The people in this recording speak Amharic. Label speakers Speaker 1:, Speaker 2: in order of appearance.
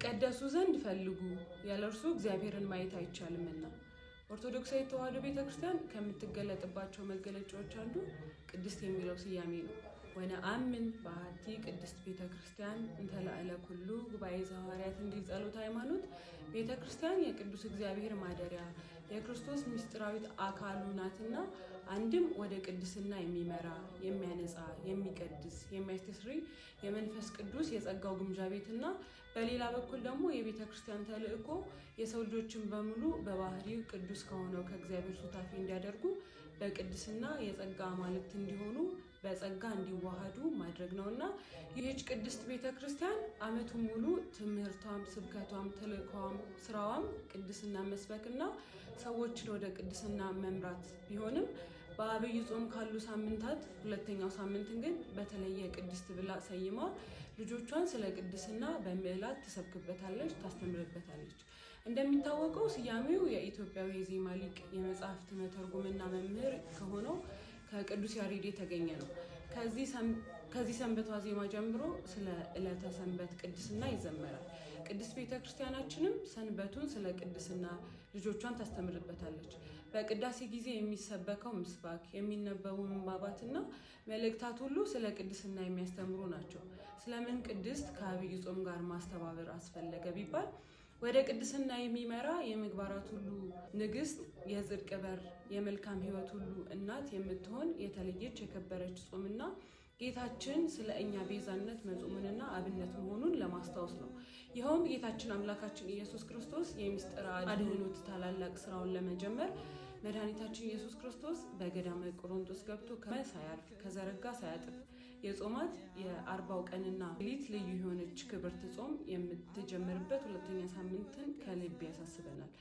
Speaker 1: ትቀደሱ ዘንድ ፈልጉ፣ ያለ እርሱ እግዚአብሔርን ማየት አይቻልምና። ኦርቶዶክሳዊ ተዋህዶ ቤተክርስቲያን ከምትገለጥባቸው መገለጫዎች አንዱ ቅድስት የሚለው ስያሜ ነው። ወነአምን በአሐቲ ቅድስት ቤተ ክርስቲያን እንተላዕለ ኩሉ ጉባኤ ዘሐዋርያት እንዲህ ጸሎት ሃይማኖት ቤተ ክርስቲያን የቅዱስ እግዚአብሔር ማደሪያ የክርስቶስ ምስጢራዊት አካሉ ናትና አንድም ወደ ቅድስና የሚመራ የሚያነጻ የሚቀድስ የሚያስተስሪ የመንፈስ ቅዱስ የጸጋው ግምዣ ቤትና በሌላ በኩል ደግሞ የቤተ ክርስቲያን ተልእኮ የሰው ልጆችን በሙሉ በባህሪው ቅዱስ ከሆነው ከእግዚአብሔር ሱታፊ እንዲያደርጉ በቅድስና የጸጋ ማለት እንዲሆኑ በጸጋ እንዲዋሃዱ ማድረግ ነው እና ይህች ቅድስት ቤተ ክርስቲያን ዓመቱን ሙሉ ትምህርቷም፣ ስብከቷም፣ ተልእኳም፣ ስራዋም ቅድስና መስበክና ሰዎችን ወደ ቅድስና መምራት ቢሆንም በአብይ ጾም ካሉ ሳምንታት ሁለተኛው ሳምንትን ግን በተለየ ቅድስት ብላ ሰይማ ልጆቿን ስለ ቅድስና በምዕላት ትሰብክበታለች፣ ታስተምርበታለች። እንደሚታወቀው ስያሜው የኢትዮጵያዊ የዜማ ሊቅ የመጽሐፍት መተርጉምና መምህር ከሆነው ከቅዱስ ያሬድ የተገኘ ነው። ከዚህ ሰንበት ዋዜማ ጀምሮ ስለ ዕለተ ሰንበት ቅድስና ይዘመራል። ቅድስት ቤተ ክርስቲያናችንም ሰንበቱን ስለ ቅድስና ልጆቿን ታስተምርበታለች። በቅዳሴ ጊዜ የሚሰበከው ምስባክ፣ የሚነበቡ ምንባባትና መልእክታት ሁሉ ስለ ቅድስና የሚያስተምሩ ናቸው። ስለምን ቅድስት ከአብይ ጾም ጋር ማስተባበር አስፈለገ ቢባል ወደ ቅድስና የሚመራ የምግባራት ሁሉ ንግስት የጽድቅ በር፣ የመልካም ህይወት ሁሉ እናት የምትሆን የተለየች የከበረች ጾምና ጌታችን ስለ እኛ ቤዛነት መጾሙንና አብነት መሆኑን ለማስታወስ ነው። ይኸውም ጌታችን አምላካችን ኢየሱስ ክርስቶስ የሚስጥር አድኅኖት ታላላቅ ስራውን ለመጀመር መድኃኒታችን ኢየሱስ ክርስቶስ በገዳመ ቆሮንቶስ ገብቶ ከመ ሳያርፍ ከዘረጋ ሳያጥፍ የጾማት የአርባው ቀንና ሌሊት ልዩ የሆነች ክብርት ጾም የምትጀምርበት ሁለተኛ ሳምንትን ከልብ ያሳስበናል።